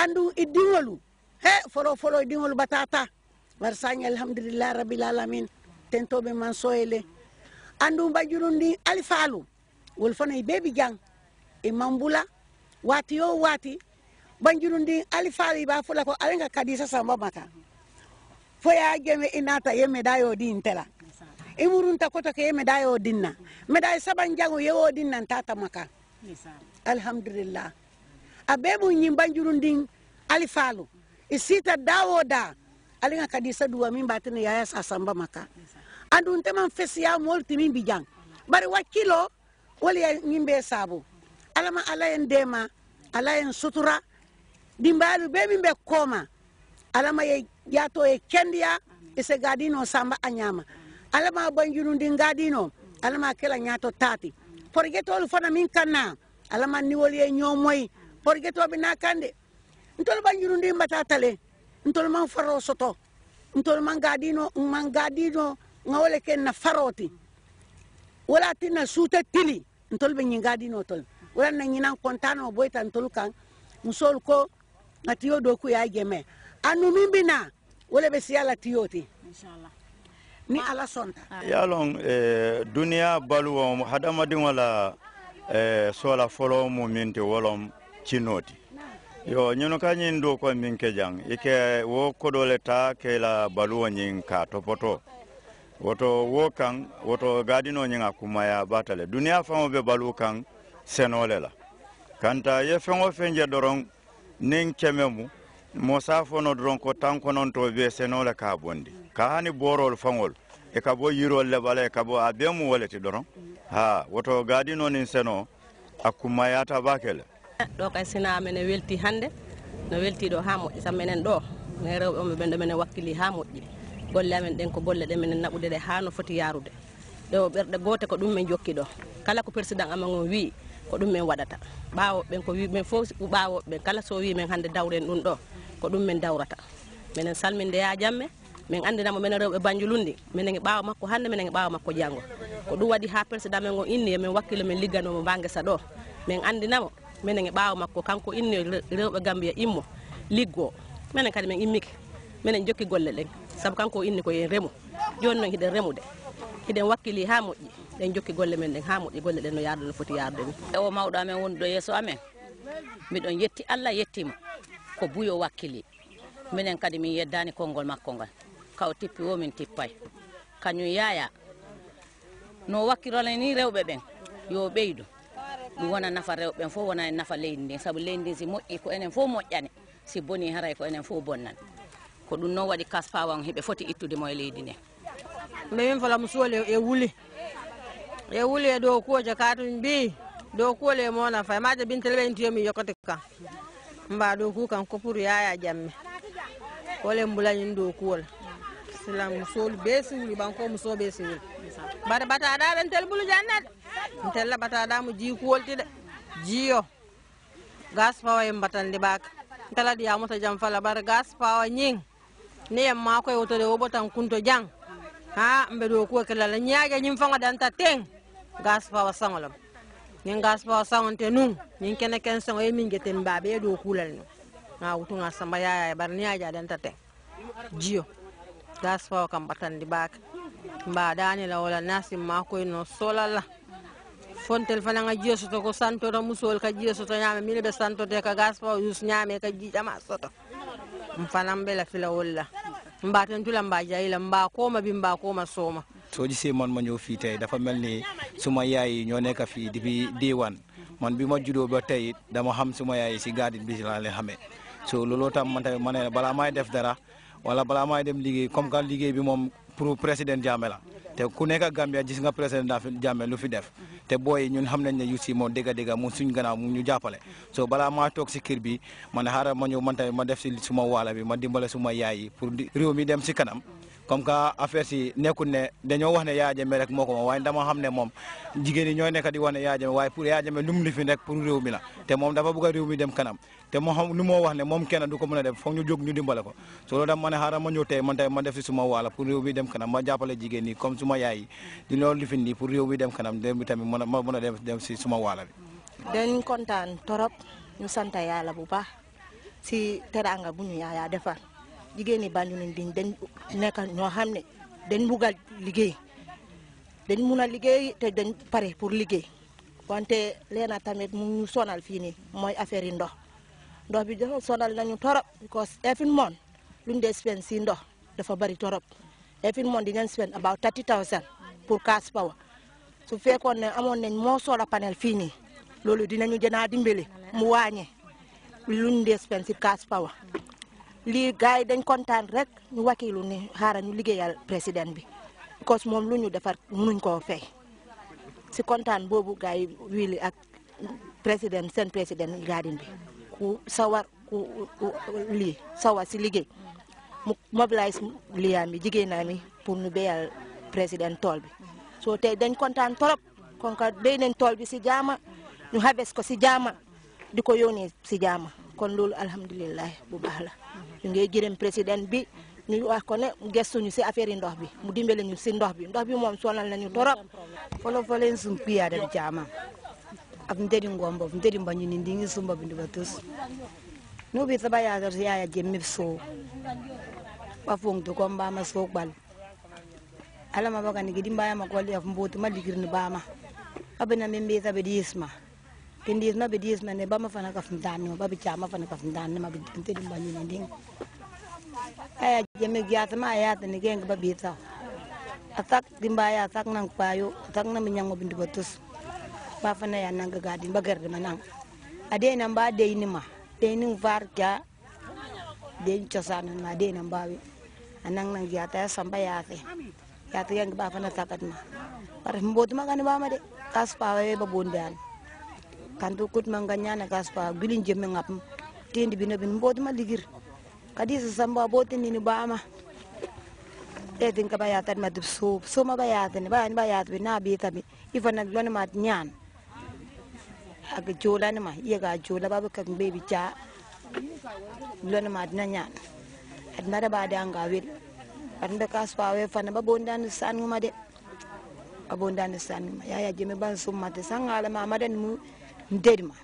andu i diŋolu he folo folo i diŋolu batata bari sañi alhamdulillahi rabbil alamin tento be man soyele andu mbajurundi alifaalu wol fana i bee bi jaŋ i man bula waati yo waati banjurundi alifaalu i b'a fo ko ala ka kadisa samba mata fo y'a jeme i naata ye medayo di nte la i murunta koto ke ye medayo dinna medaye saban jaŋo ye wo dinna ntaata maka alhamdulillah abebu nyimba njurunding alifalu isita dawo da alinga kadisa duwa min batini yaya sasamba maka andu ntema mfesi ya molti min bijang bari wakilo wali ya nyimbe sabu alama ala en dema ala en sutura dimbalu be min be koma alama ye yato ye kendiya ise gadino samba anyama alama banjurundin gadino alama kela nyato tati forgetolu fana min kanna alama niwoli ye nyomoyi horgetoɓe nakande ntol ɓanjuru ndi mbatatale ntol man faro soto ntol man gadino man gadino ngawole ke na faroti wala tina suta tili ntol ɓe ñingadino tol wala na ñinan contano boyta ntol kan musol ko na tiyo do ku jeme anu min bina ah. eh, wala ɓe siyala tiyoti ni ala sonta ya lon eh, baluwo hadamadiŋo la eh, sola mu min ti wolom chinoti yo ñino ka ñin do ko min ke jang ike wo kodole ta ke la baluwo ñin ka topoto woto wo kan woto gadino ñin a kumaya batale duniya faŋo be balu kan senole la kanta ye feŋo feŋ je doron nin keme mu mosa fono doron ko tan kononto be senole ka bondi ka hani borol faŋol e ka bo yirol le bala e ka bo a be mu woleti doron ha woto gadino nin seno a kumayata bakele ɗo kay sina mene welti hannde no welti ɗo ha moƴƴi tan minen ɗo minen rewɓe on ɓe ɓen ɗo minen wakkili ha moƴƴi golle amen ɗen ko bolle ɗen minen naɓude ɗe ha no foti yarude ɗo ɓerɗe goote ko ɗum min jokki ɗo kala ko président amen on wii ko ɗum min waɗata ɓawoɓe ɓen ko wiɓen fof ɓawoɓe ɓen kala so wimen hannde dawren ɗum ɗo ko ɗum min dawrata minen salminde ya jamme men on inni ba guesa minen e ɓaawa makko kanko inno rewɓe gambiya immo liggo minen kadi min immike minen jokki golle ɗen saabu kanko inni ko yen remo joni noon hiɗen remude hiɗen wakkili ha moƴƴi ɗen jokki golle men ɗen ha moƴƴi golle ɗen no yaarde no foti yaarde ni ewo ko buyo wakkili minen kadi min yeddani konngol makko ngal kaw tippi o min tippay kañum yaya no wakkirole ni rewɓe ɓen yo ɓeydu ɗum wona nafa rewɓe ɓen wona e nafa leydi ndin saabu leydi ndin si moƴƴi ko enen fof moƴƴani si boni haray ko enen fof bonnan ko ɗum noon waɗi kaspawa on foti ittude mo e leydi ndin min fala mo e wuli e wuli e dow kuoje e mo nafa e maje bintele ɓe intuyomi yokkati kan mba dow kan ko pour yaya jamme wolen mbulañin dow silam musolu be siwuli banko muso be siwuli bare bataɗa ɗen tel bulu jannet tella bataɗa mo jii kuwolti de jiyo gas pawa en batandi ɓaka kala ɗi yamuta jam fala bare ni en mako e wotode wo ɓotan kunto jang ha mbe ɗo kuwa kelala ñaaƴa ñim fango ɗanta teng gas pawa saŋolam ñin gas ye min geten mbaɓe e ɗo kulal nu ha wutuga samba yaya e bare ñaaƴa ɗanta teng dasfawo kam ɓatandi ɓaake mbaɗani la wala nasim ma koye no solalla fontel fana nga jiyo soto ko santoto musol ka jiyo soto ñaame mine ɓe santote ka gasfawo yus ñaame ka jiiƴama soto m fanan ɓe la filawol la mba tentula mba jayila mba koma bi mba koma sooma soo gisee man ma ñëw fii tey dafa mel ni suma yaay yi ñoo nekk fii depuis day one man bi ma juddoo ba tey dama xam suma yaay si garden bi si laa leen so looloo tam man tamit ma ne balaa def dara wala balaa maay dem liggéey comme que liggéey bi moom pour président Jammeh la te ku nekk Gambia gis nga président Jammeh lu fi def te booy ñun xam nañ ne yu si moom dégg dégg mu suñ gannaaw mu ñu jàppale so balaa maa toog si kër bi man xaaral ma ñëw man ma def si suma waala bi ma dimbale suma yaay yi pour réew mi dem si kanam comme que affaire si nekkul ne dañoo wax ne Yaya Jammeh rek moo ko moom waaye dama xam ne moom jigéen ñi ñooy nekk di wax ne Yaya Jammeh waaye pour Yaya Jammeh lu mu fi nekk pour réew mi la te moom dafa bëgg a mi dem kanam te moo xam lu wax ne moom kenn du ko a def foog ñu jóg ñu dimbale ko so ne xaaral ma ñëw tey man def si suma waala pour réew mi dem kanam ma jàppale jigéen ñi suma yaay yi di loolu li fi nii mi dem kanam réew mi ma mën a dem si suma jigéen ñi Banjul dañ dañ nekk ñoo xam ne dañ bugal liggéey dañ mun a liggéey te dañ pare pour liggéey wante leena tamit mu ñu sonal fii nii mooy affaire yi ndox ndox bi dafa sonal nañu torop because every month luñ dee spend si ndox dafa bari torop every month dinañ spend about thirty thousand pour cash power su fekkoon ne amoon nañ moo solar panel fii nii loolu dinañu jënaa dimbali mu wàññi luñ dee spend si cash power lii gars yi dañ kontaan rek ñu wakilu ne xaaral ñu liggéeyal président bi cause moom lu ñu defar mënuñ koo fay si kontaan boobu gars yi ak président seen président garden bi ku sawar ku lii sawar si liggéey mu mobilise liyaam bi jigéen naa pour ñu béyal président tool bi soo tey dañ kontaan trop kon ka béy nañ tool bi si jaama ñu xabes ko si jaama di ko yónnee si jaama kon loolu alhamdulilah bu baax la ñu ngi gërëm président bi ñu wax ko ne gestuñu si affaire yi ndox bi mu dimbale ñu si ndox bi ndox bi moom sonal nañu torop folofolen sum kuyaade bi jaamam ab nderi ngombo nderi mbañu ni ndingi sumba bindu batus nubi saba yaador si yaya jemmi so ba fongtu kon mbama so gbal alama bagani gidi mbaya makolli af mbooti ma ligirni bama abena min mbiyata be diisma kendis na bidis na ne ba ma fana ka fundan no ba bicha ma fana ka fundan ma bidin te dum banyi ne ding aya jeme gyat ma aya te ne geng ba bita atak dimbaya nang payo atak na minyang mo bindu batus ba fana ya nang gagadin ba gerde manang ade nan ba de ni ma de ni var kya de ni chosan na de nan ba wi anang nang gyat ya samba ya te ya te ba fana takat ma par mbot ma kan ba ma de ba bon kantu kutma nganyana kaspa gilin jemme ngapm tendi bina bin mbot ma ligir kadi sa samba botin ni bama tetin ka bayatan ma dub so so ma bayatan na bi tabi ifan nag lon mat nyan ak jola ma yega jola babu kak bebi cha lon mat na ba da nga wel at nda kaspa we fan ba bondan san ma de abondan san ma yaya jeme ban summa te sangala ma madan mu nderima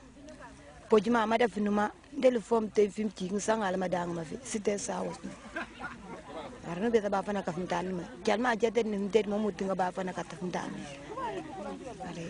pojima amada finuma ndeli fom ten fim ci sangal ma dang ma fi site sawo arno be ba fana ka fim tan ma jalma jaden nder mo mutinga ba fana ka tafim tan ale